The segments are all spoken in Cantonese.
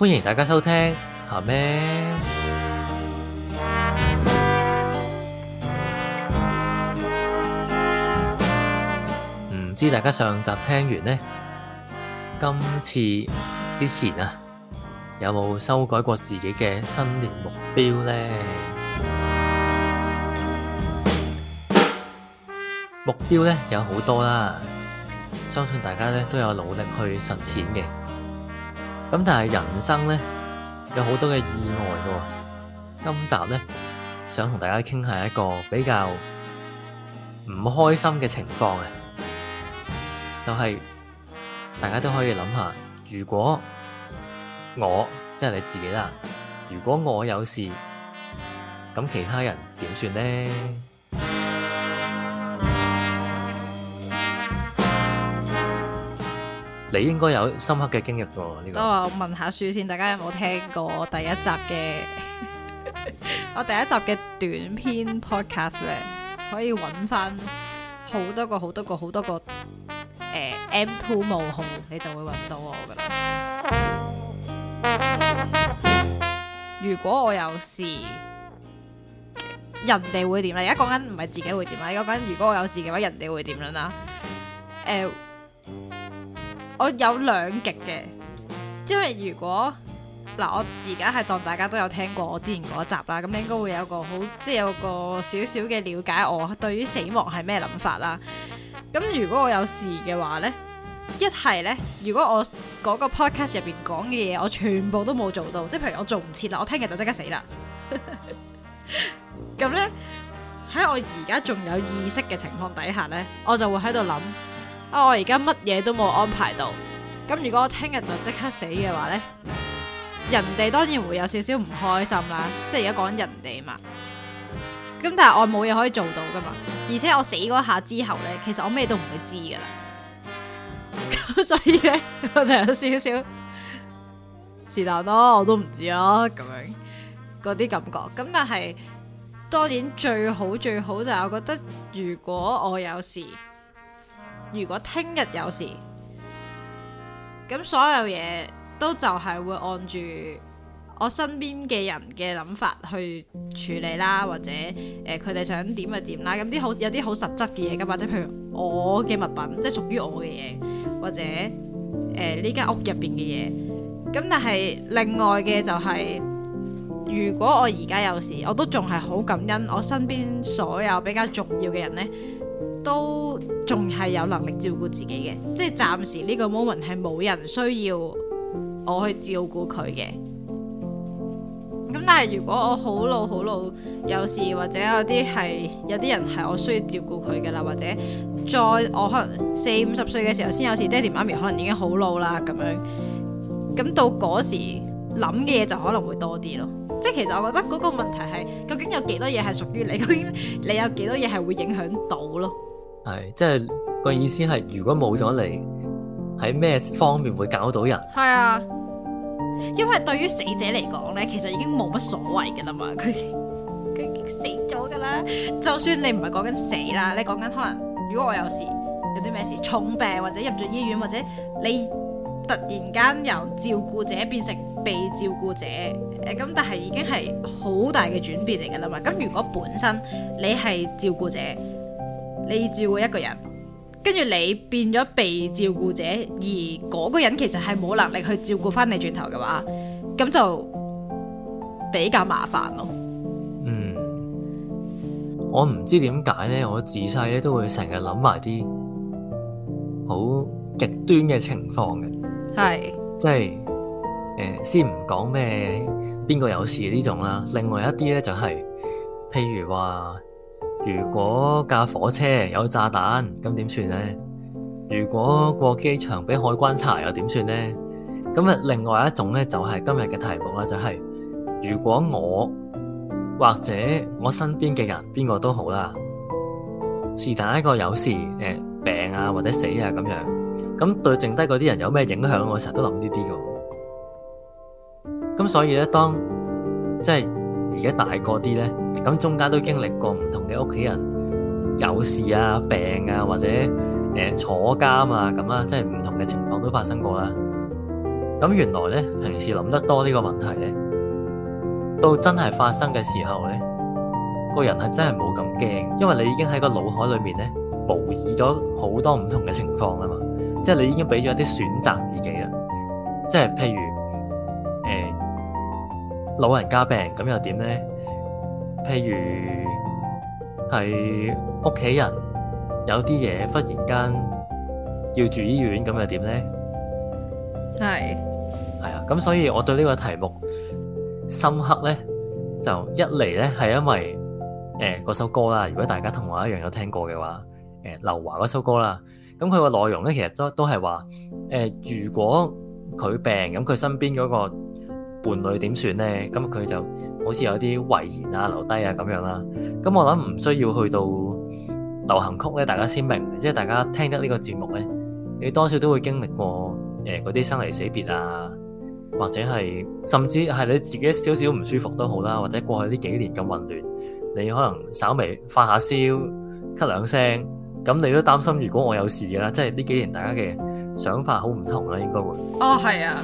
歡迎大家收聽，係咩？唔知大家上集聽完呢？今次之前啊，有冇修改過自己嘅新年目標呢？目標呢，有好多啦，相信大家呢，都有努力去實踐嘅。咁但係人生呢，有好多嘅意外喎、哦。今集呢，想同大家傾下一個比較唔開心嘅情況。就係、是、大家都可以諗下，如果我即係、就是、你自己啦，如果我有事，咁其他人點算呢？你應該有深刻嘅經歷㗎喎，呢、這個都我問一下書先，大家有冇聽過第一集嘅？我第一集嘅 短篇 podcast 咧，可以揾翻好多個、好多個、好多個誒 M two 冒號，你就會揾到我㗎喇。我如果我有事，人哋會點咧？而家講緊唔係自己會點咧，而家講緊如果我有事嘅話，人哋會點樣啦？誒、呃。我有兩極嘅，因為如果嗱、啊，我而家係當大家都有聽過我之前嗰集啦，咁應該會有個好，即係有個少少嘅了解，我對於死亡係咩諗法啦。咁如果我有事嘅話呢，一係呢，如果我嗰個 podcast 入邊講嘅嘢，我全部都冇做到，即係譬如我做唔切啦，我聽日就即刻死啦。咁 呢，喺我而家仲有意識嘅情況底下呢，我就會喺度諗。啊、哦！我而家乜嘢都冇安排到，咁如果我聽日就即刻死嘅話呢，人哋當然會有少少唔開心啦，即係而家講人哋嘛。咁但係我冇嘢可以做到噶嘛，而且我死嗰下之後呢，其實我咩都唔會知噶啦。咁所以呢，我就有少少是但咯，我都唔知囉，啊，咁樣嗰啲感覺。咁但係當然最好最好就係我覺得如果我有事。如果聽日有事，咁所有嘢都就係會按住我身邊嘅人嘅諗法去處理啦，或者誒佢哋想點就點啦。咁啲好有啲好實質嘅嘢噶，或者譬如我嘅物品，即係屬於我嘅嘢，或者誒呢間屋入邊嘅嘢。咁但係另外嘅就係，如果我而家有事，我都仲係好感恩我身邊所有比較重要嘅人呢。都仲係有能力照顧自己嘅，即係暫時呢個 moment 係冇人需要我去照顧佢嘅。咁但係如果我好老好老，有事或者有啲係有啲人係我需要照顧佢嘅啦，或者再我可能四五十歲嘅時候先有事，爹哋媽咪可能已經好老啦咁樣。咁到嗰時諗嘅嘢就可能會多啲咯。即係其實我覺得嗰個問題係究竟有幾多嘢係屬於你，究竟你有幾多嘢係會影響到咯。係，即係個意思係如果冇咗你，喺咩方面會搞到人？係啊，因為對於死者嚟講咧，其實已經冇乜所謂噶啦嘛，佢佢已經死咗噶啦。就算你唔係講緊死啦，你講緊可能，如果我有事，有啲咩事，重病或者入咗醫院，或者你突然間由照顧者變成被照顧者，誒，咁但係已經係好大嘅轉變嚟噶啦嘛。咁如果本身你係照顧者。你照顧一個人，跟住你變咗被照顧者，而嗰個人其實係冇能力去照顧翻你轉頭嘅話，咁就比較麻煩咯。嗯，我唔知點解咧，我自細咧都會成日諗埋啲好極端嘅情況嘅，係即係誒，先唔講咩邊個有事呢種啦，另外一啲咧就係、是、譬如話。如果架火車有炸彈，咁點算呢？如果過機場俾海關查又點算呢？咁啊，另外一種咧就係今日嘅題目啦，就係、是、如果我或者我身邊嘅人邊個都好啦，是但一個有事誒病啊或者死啊咁樣，咁對剩低嗰啲人有咩影響？我成日都諗呢啲㗎。咁所以咧，當即係。而家大個啲咧，咁中間都經歷過唔同嘅屋企人有事啊、病啊，或者誒、呃、坐監啊，咁啊，即係唔同嘅情況都發生過啦。咁原來咧，平時諗得多呢個問題咧，到真係發生嘅時候咧，個人係真係冇咁驚，因為你已經喺個腦海裏面咧模擬咗好多唔同嘅情況啦嘛，即係你已經俾咗一啲選擇自己啦，即係譬如，老人家病咁又點咧？譬如係屋企人有啲嘢忽然間要住醫院，咁又點咧？係係啊，咁所以我對呢個題目深刻咧，就一嚟咧係因為誒嗰、欸、首歌啦。如果大家同我一樣有聽過嘅話，誒、欸、劉華嗰首歌啦，咁佢個內容咧其實都都係話誒，如果佢病咁，佢身邊嗰、嗰個。伴侶點算呢？咁佢就好似有啲遺言啊、留低啊咁樣啦、啊。咁我諗唔需要去到流行曲咧，大家先明，即係大家聽得呢個節目咧，你多少都會經歷過誒嗰啲生離死別啊，或者係甚至係你自己少少唔舒服都好啦、啊，或者過去呢幾年咁混亂，你可能稍微發下燒咳兩聲，咁你都擔心。如果我有事嘅啦，即係呢幾年大家嘅想法好唔同啦、啊，應該會。哦，係啊。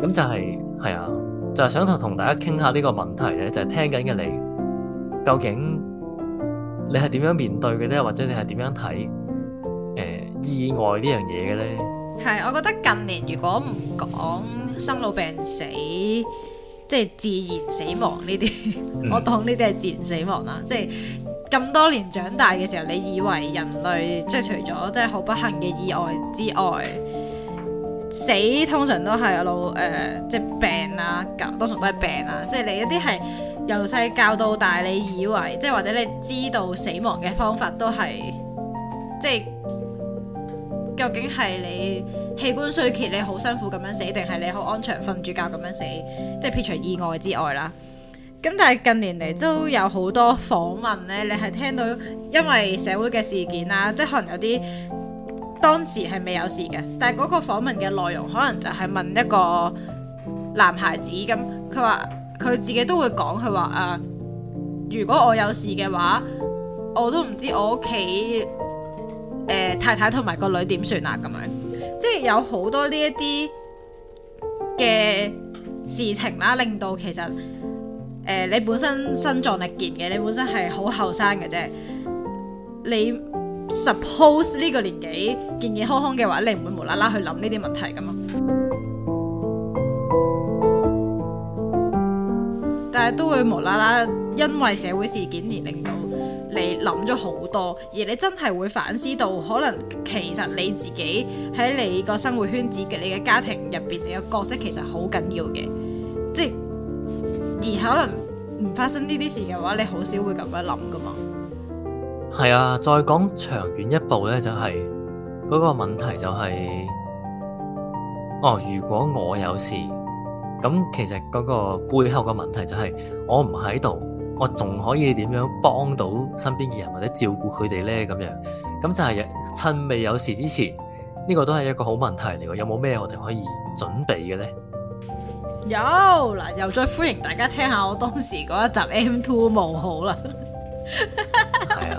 咁就係、是、係啊。就係、是、想同同大家傾下呢個問題咧，就係、是、聽緊嘅你，究竟你係點樣面對嘅咧？或者你係點樣睇誒、呃、意外的呢樣嘢嘅咧？係，我覺得近年如果唔講生老病死，即、就、係、是、自然死亡呢啲，嗯、我當呢啲係自然死亡啦。即係咁多年長大嘅時候，你以為人類即係、就是、除咗即係好不幸嘅意外之外。死通常都係老誒、呃，即係病啦、啊，多數都係病啦、啊。即係你一啲係由細教到大，你以為即係或者你知道死亡嘅方法都係即係，究竟係你器官衰竭你好辛苦咁樣死，定係你好安詳瞓住覺咁樣死，即係撇除意外之外啦。咁但係近年嚟都有好多訪問咧，你係聽到因為社會嘅事件啦，即係可能有啲。當時係未有事嘅，但係嗰個訪問嘅內容可能就係問一個男孩子咁，佢話佢自己都會講，佢話啊，如果我有事嘅話，我都唔知我屋企、呃、太太同埋個女點算啊咁樣，即係有好多呢一啲嘅事情啦，令到其實、呃、你本身身壯力健嘅，你本身係好後生嘅啫，你。Suppose 呢個年紀健健康康嘅話，你唔會無啦啦去諗呢啲問題噶嘛。 但係都會無啦啦，因為社會事件而令到你諗咗好多，而你真係會反思到，可能其實你自己喺你個生活圈子、你嘅家庭入邊，你嘅角色其實好緊要嘅。即係而可能唔發生呢啲事嘅話，你好少會咁樣諗噶嘛。係啊，再講長遠一步咧，就係、是、嗰個問題就係、是，哦，如果我有事，咁其實嗰個背後嘅問題就係、是，我唔喺度，我仲可以點樣幫到身邊嘅人或者照顧佢哋咧？咁樣，咁就係趁未有事之前，呢、這個都係一個好問題嚟。有冇咩我哋可以準備嘅咧？有嗱，又再歡迎大家聽下我當時嗰一集 M Two 無好啦。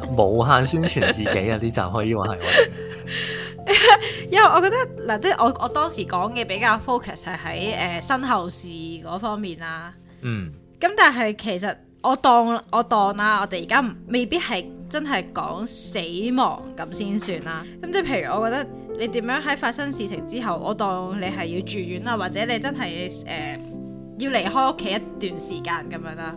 無限宣傳自己啊！呢集可以話係，因為我覺得嗱，即係我我當時講嘅比較 focus 係喺誒身後事嗰方面啦。嗯，咁但係其實我當我當啦，我哋而家未必係真係講死亡咁先算啦。咁即係譬如，我覺得你點樣喺發生事情之後，我當你係要住院啦，或者你真係誒要離開屋企一段時間咁樣啦。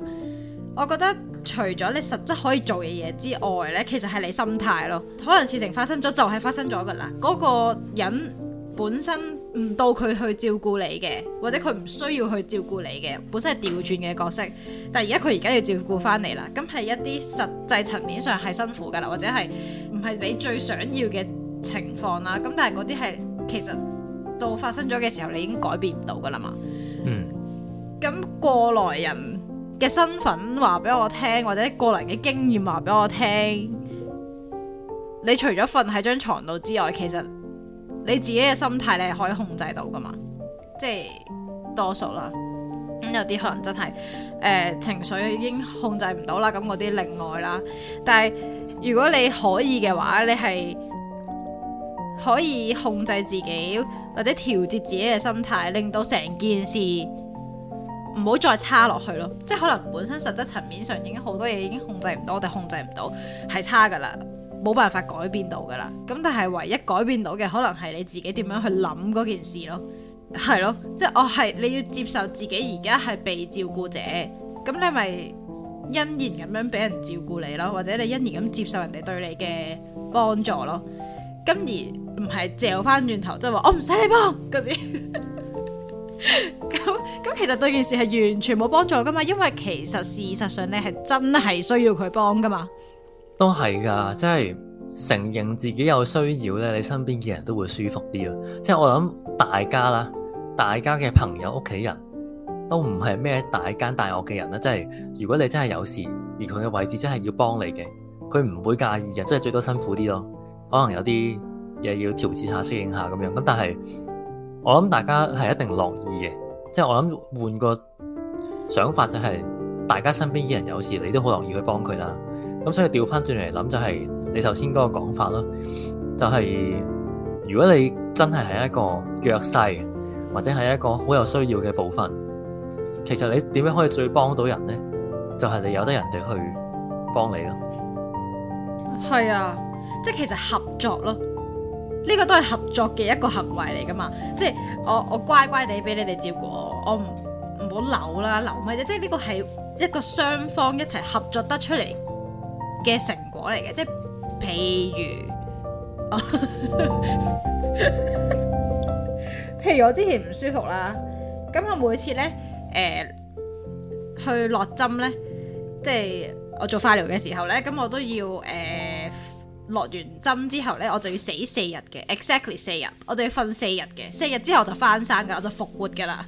我覺得除咗你實質可以做嘅嘢之外呢，其實係你心態咯。可能事情發生咗就係、是、發生咗噶啦，嗰、那個人本身唔到佢去照顧你嘅，或者佢唔需要去照顧你嘅，本身係調轉嘅角色。但係而家佢而家要照顧翻你啦，咁係一啲實際層面上係辛苦噶啦，或者係唔係你最想要嘅情況啦。咁但係嗰啲係其實到發生咗嘅時候，你已經改變唔到噶啦嘛。嗯。咁過來人嘅身份話俾我聽，或者個人嘅經驗話俾我聽，你除咗瞓喺張床度之外，其實你自己嘅心態你係可以控制到噶嘛？即係多數啦，咁，嗯，有啲可能真係誒，呃，情緒已經控制唔到啦，咁嗰啲另外啦。但係如果你可以嘅話，你係可以控制自己或者調節自己嘅心態，令到成件事。唔好再差落去咯，即係可能本身實質層面上已經好多嘢，已經控制唔到，我哋控制唔到係差噶啦，冇辦法改變到噶啦。咁但係唯一改變到嘅可能係你自己點樣去諗嗰件事咯，係咯，即係我係你要接受自己而家係被照顧者，咁你咪欣然咁樣俾人照顧你咯，或者你欣然咁接受人哋對你嘅幫助咯，咁而唔係掉翻轉頭即係話我唔使你幫嗰 咁咁，其實對件事係完全冇幫助噶嘛，因為其實事實上你係真係需要佢幫噶嘛，都係噶，即係承認自己有需要咧，你身邊嘅人都會舒服啲咯。即係我諗大家啦，大家嘅朋友、屋企人都唔係咩大奸大惡嘅人咧，即係如果你真係有事，而佢嘅位置真係要幫你嘅，佢唔會介意嘅，即係最多辛苦啲咯，可能有啲嘢要調節下、適應下咁樣，咁但係。我諗大家係一定樂意嘅，即係我諗換個想法就係，大家身邊啲人有事，你都好樂意去幫佢啦。咁所以調翻轉嚟諗就係，你頭先嗰個講法咯，就係如果你真係係一個弱勢，或者係一個好有需要嘅部分，其實你點樣可以最幫到人咧？就係你由得人哋去幫你咯。係啊，即係其實合作咯。呢、這個都係合作嘅一個行為嚟噶嘛，即係我我乖乖地俾你哋照顧我，唔唔好扭啦扭咩啫？即係呢個係一個雙方一齊合作得出嚟嘅成果嚟嘅，即係譬如、哦、 譬如我之前唔舒服啦，咁我每次咧誒、呃、去落針咧，即係我做化療嘅時候咧，咁我都要誒。呃落完針之後呢，我就要死四日嘅，exactly 四日，我就要瞓四日嘅，四日之後就翻生噶，我就復活噶啦，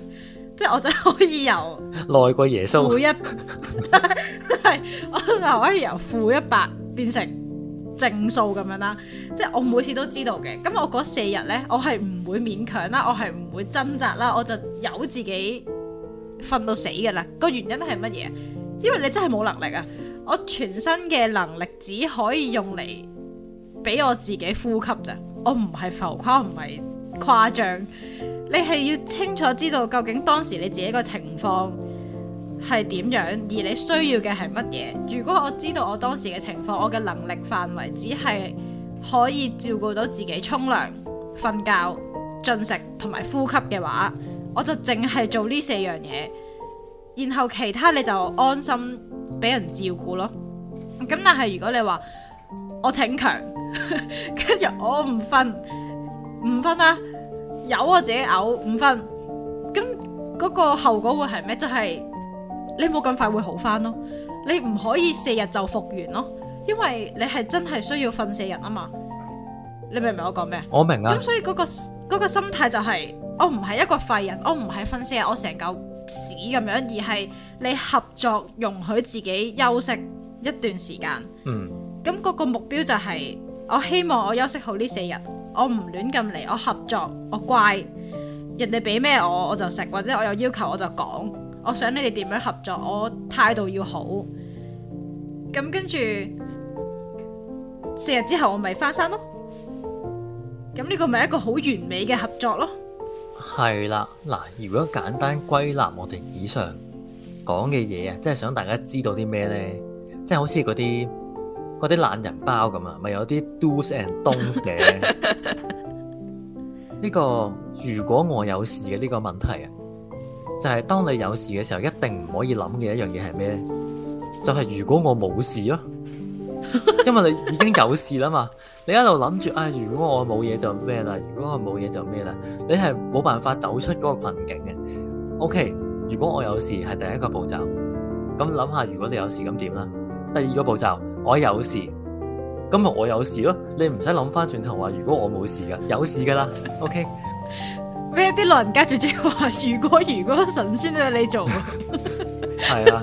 即係我就可以由耐過耶穌，負一係， 我可以由負一百變成正數咁樣啦，即係我每次都知道嘅。咁我嗰四日呢，我係唔會勉強啦，我係唔會掙扎啦，我就由自己瞓到死噶啦。個原因係乜嘢？因為你真係冇能力啊，我全身嘅能力只可以用嚟。俾我自己呼吸咋，我唔係浮誇，唔係誇張。你係要清楚知道究竟當時你自己個情況係點樣，而你需要嘅係乜嘢。如果我知道我當時嘅情況，我嘅能力範圍只係可以照顧到自己沖涼、瞓覺、進食同埋呼吸嘅話，我就淨係做呢四樣嘢，然後其他你就安心俾人照顧咯。咁但係如果你話我逞強。跟 住我唔瞓唔瞓啊，有我自己嘔唔瞓，咁嗰個後果會係咩？就係、是、你冇咁快會好翻咯，你唔可以四日就復原咯，因為你係真係需要瞓四日啊嘛。你明唔明我講咩？我明啊。咁所以嗰、那個、那個心態就係、是、我唔係一個廢人，我唔係瞓四日，我成嚿屎咁樣，而係你合作容許自己休息一段時間。嗯。咁嗰個目標就係、是。我希望我休息好呢四日，我唔亂咁嚟，我合作，我乖，人哋俾咩我我就食，或者我有要求我就講，我想你哋點樣合作，我態度要好，咁跟住四日之後我咪翻山咯，咁呢個咪一個好完美嘅合作咯。係啦，嗱，如果簡單歸納我哋以上講嘅嘢啊，即係想大家知道啲咩呢，即係好似嗰啲。嗰啲懶人包咁啊，咪有啲 do's and don'ts 嘅。呢、 這個如果我有事嘅呢個問題啊，就係、是、當你有事嘅時候，一定唔可以諗嘅一樣嘢係咩？就係、是、如果我冇事咯。因為你已經有事啦嘛，你喺度諗住啊，如果我冇嘢就咩啦，如果我冇嘢就咩啦，你係冇辦法走出嗰個困境嘅。OK，如果我有事係第一個步驟，咁諗下如果你有事咁點啦。第二個步驟。我有事，咁咪我有事咯，你唔使諗翻轉頭話、okay? 如果我冇事噶，有事噶啦，OK。咩？啲老人家最中意話，如果如果神仙都係你做，係 啊，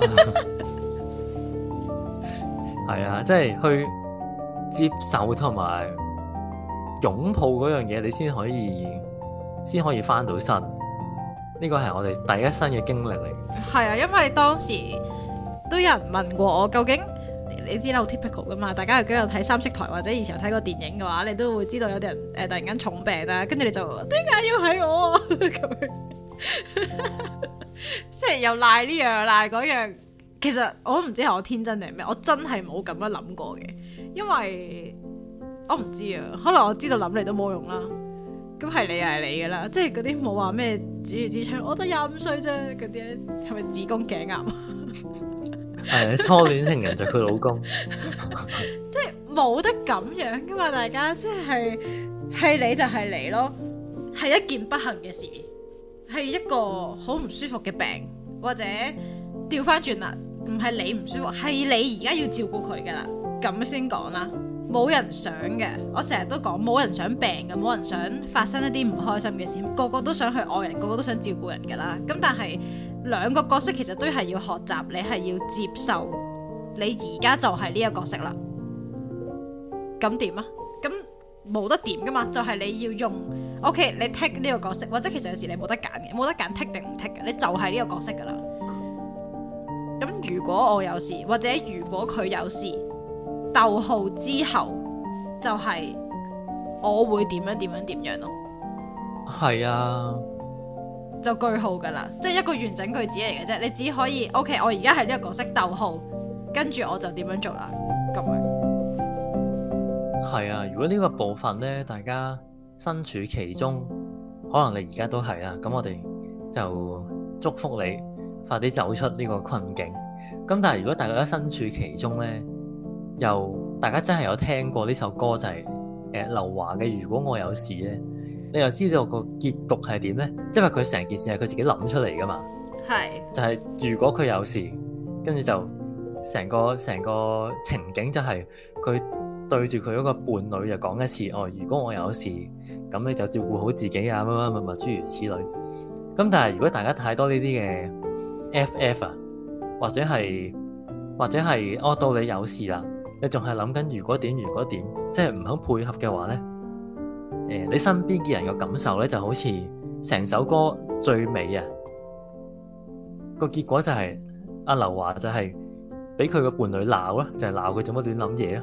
係啊，即、就、係、是、去接受同埋擁抱嗰樣嘢，你先可以，先可以翻到身。呢、這個係我哋第一身嘅經歷嚟。係啊，因為當時都有人問過我，究竟。你知啦，好 typical 噶嘛？大家又經常睇三色台或者以前有睇過電影嘅話，你都會知道有啲人誒、呃，突然間重病啦、啊,跟住你就點解要係我啊？咁、 uh, 這個，即係又賴呢樣賴嗰樣。其實我唔知係我天真定係咩，我真係冇咁樣諗過嘅。因為我唔知啊，可能我知道諗嚟都冇用啦。咁係你又係你噶啦，即係嗰啲冇話咩主要支撐，我得廿五歲啫，嗰啲係咪子宮頸癌？ 係 初戀情人就佢老公 即係冇得咁樣噶嘛，大家即係係你就係你咯，係一件不幸嘅事，係一個好唔舒服嘅病，或者調翻轉啦，唔係你唔舒服，係你而家要照顧佢噶啦，咁先講啦，冇人想嘅，我成日都講冇人想病嘅，冇人想發生一啲唔開心嘅事，個個都想去愛人，個個都想照顧人噶啦，咁但係。兩個角色其實都係要學習，你係要接受，你而家就係呢個角色啦。咁點啊？咁冇得點噶嘛？就係、是、你要用，OK？你 take 呢個角色，或者其實有時你冇得揀嘅，冇得揀剔定唔剔嘅，你就係呢個角色噶啦。咁如果我有事，或者如果佢有事，逗號之後就係我會點樣點樣點樣咯。係啊。就句號噶啦，即係一個完整句子嚟嘅啫。你只可以，OK，我而家係呢個角色，逗號，跟住我就點樣做啦，咁樣。係啊，如果呢個部分呢，大家身處其中，可能你而家都係啊，咁我哋就祝福你快啲走出呢個困境。咁但係如果大家身處其中呢，又大家真係有聽過呢首歌，就係誒劉華嘅《如果我有事》呢。你又知道個結局係點呢？因為佢成件事係佢自己諗出嚟㗎嘛。係。就係如果佢有事，跟住就成個成個情景就係佢對住佢嗰個伴侶就講一次哦。如果我有事，咁你就照顧好自己啊，乜乜乜乜諸如此類。咁但係如果大家太多呢啲嘅 FF 啊，或者係或者係我到你有事啦，你仲係諗緊如果點如果點，即係唔肯配合嘅話呢。誒你身邊嘅人嘅感受咧，就好似成首歌最美啊！個結果就係、是、阿劉華就係俾佢個伴侶鬧囉，就係鬧佢做乜亂諗嘢囉。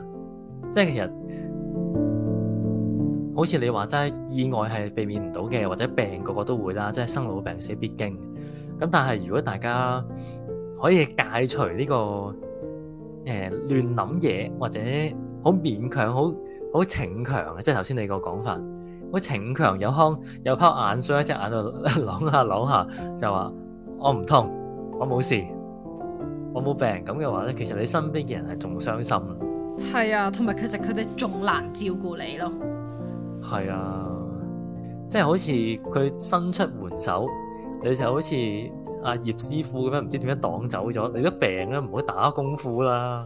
即係其實好似你話齋，意外係避免唔到嘅，或者病個個都會啦，即係生老病死必經。咁但係如果大家可以解除呢、這個誒亂諗嘢，或者好勉強、好好逞強嘅，即係頭先你個講法。我逞強，有腔，有拋眼水，喺隻眼度，扭下扭下，就話我唔痛，我冇事，我冇病。咁嘅話咧，其實你身邊嘅人係仲傷心。係啊，同埋其實佢哋仲難照顧你咯。係啊，即係好似佢伸出援手，你就好似阿葉師傅咁樣，唔知點樣擋走咗。你都病啦，唔好打功夫啦。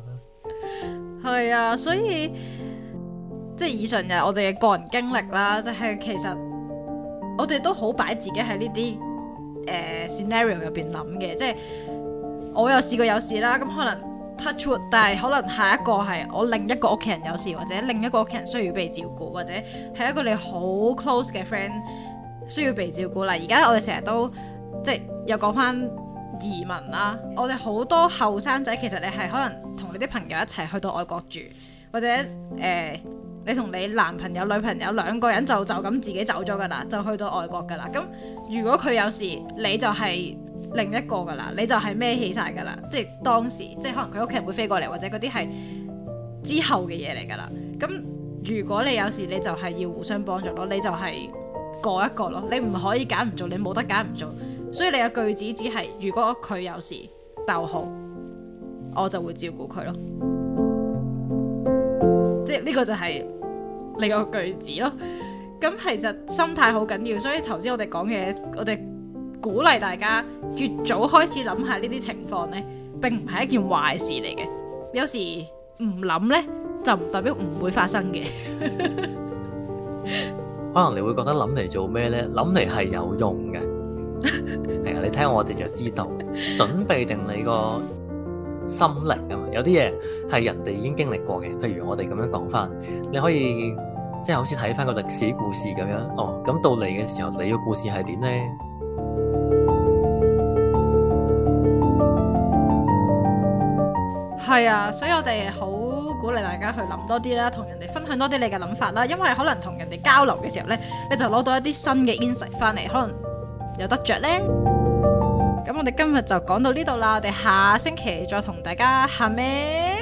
係啊，所以。即係以上，就係我哋嘅個人經歷啦。即係其實我哋都好擺自己喺呢啲誒 scenario 入邊諗嘅。即係我有試過有事啦，咁可能 touch wood，但係可能下一個係我另一個屋企人有事，或者另一個屋企人需要被照顧，或者係一個你好 close 嘅 friend 需要被照顧啦。而家我哋成日都即係又講翻移民啦。我哋好多後生仔其實你係可能同你啲朋友一齊去到外國住，或者誒。呃你同你男朋友、女朋友兩個人就就咁自己走咗噶啦，就去到外國噶啦。咁如果佢有事，你就係另一個噶啦，你就係孭起晒噶啦。即係當時，即係可能佢屋企人會飛過嚟，或者嗰啲係之後嘅嘢嚟噶啦。咁如果你有事，你就係要互相幫助咯。你就係嗰一個咯。你唔可以揀唔做，你冇得揀唔做。所以你嘅句子只係如果佢有事，逗號，我就會照顧佢咯。呢、這個就係你個句子咯，咁其實心態好緊要，所以頭先我哋講嘅，我哋鼓勵大家越早開始諗下呢啲情況呢，並唔係一件壞事嚟嘅。有時唔諗呢，就唔代表唔會發生嘅。 可能你會覺得諗嚟做咩呢？諗嚟係有用嘅，係 啊！你聽我哋就知道，準備定你個。心靈啊嘛，有啲嘢係人哋已經經歷過嘅，譬如我哋咁樣講翻，你可以即係好似睇翻個歷史故事咁樣哦。咁到你嘅時候，你個故事係點呢？係啊，所以我哋好鼓勵大家去諗多啲啦，同人哋分享多啲你嘅諗法啦，因為可能同人哋交流嘅時候呢，你就攞到一啲新嘅 insight 翻嚟，可能有得着呢。咁我哋今日就講到呢度啦，我哋下星期再同大家喊咩？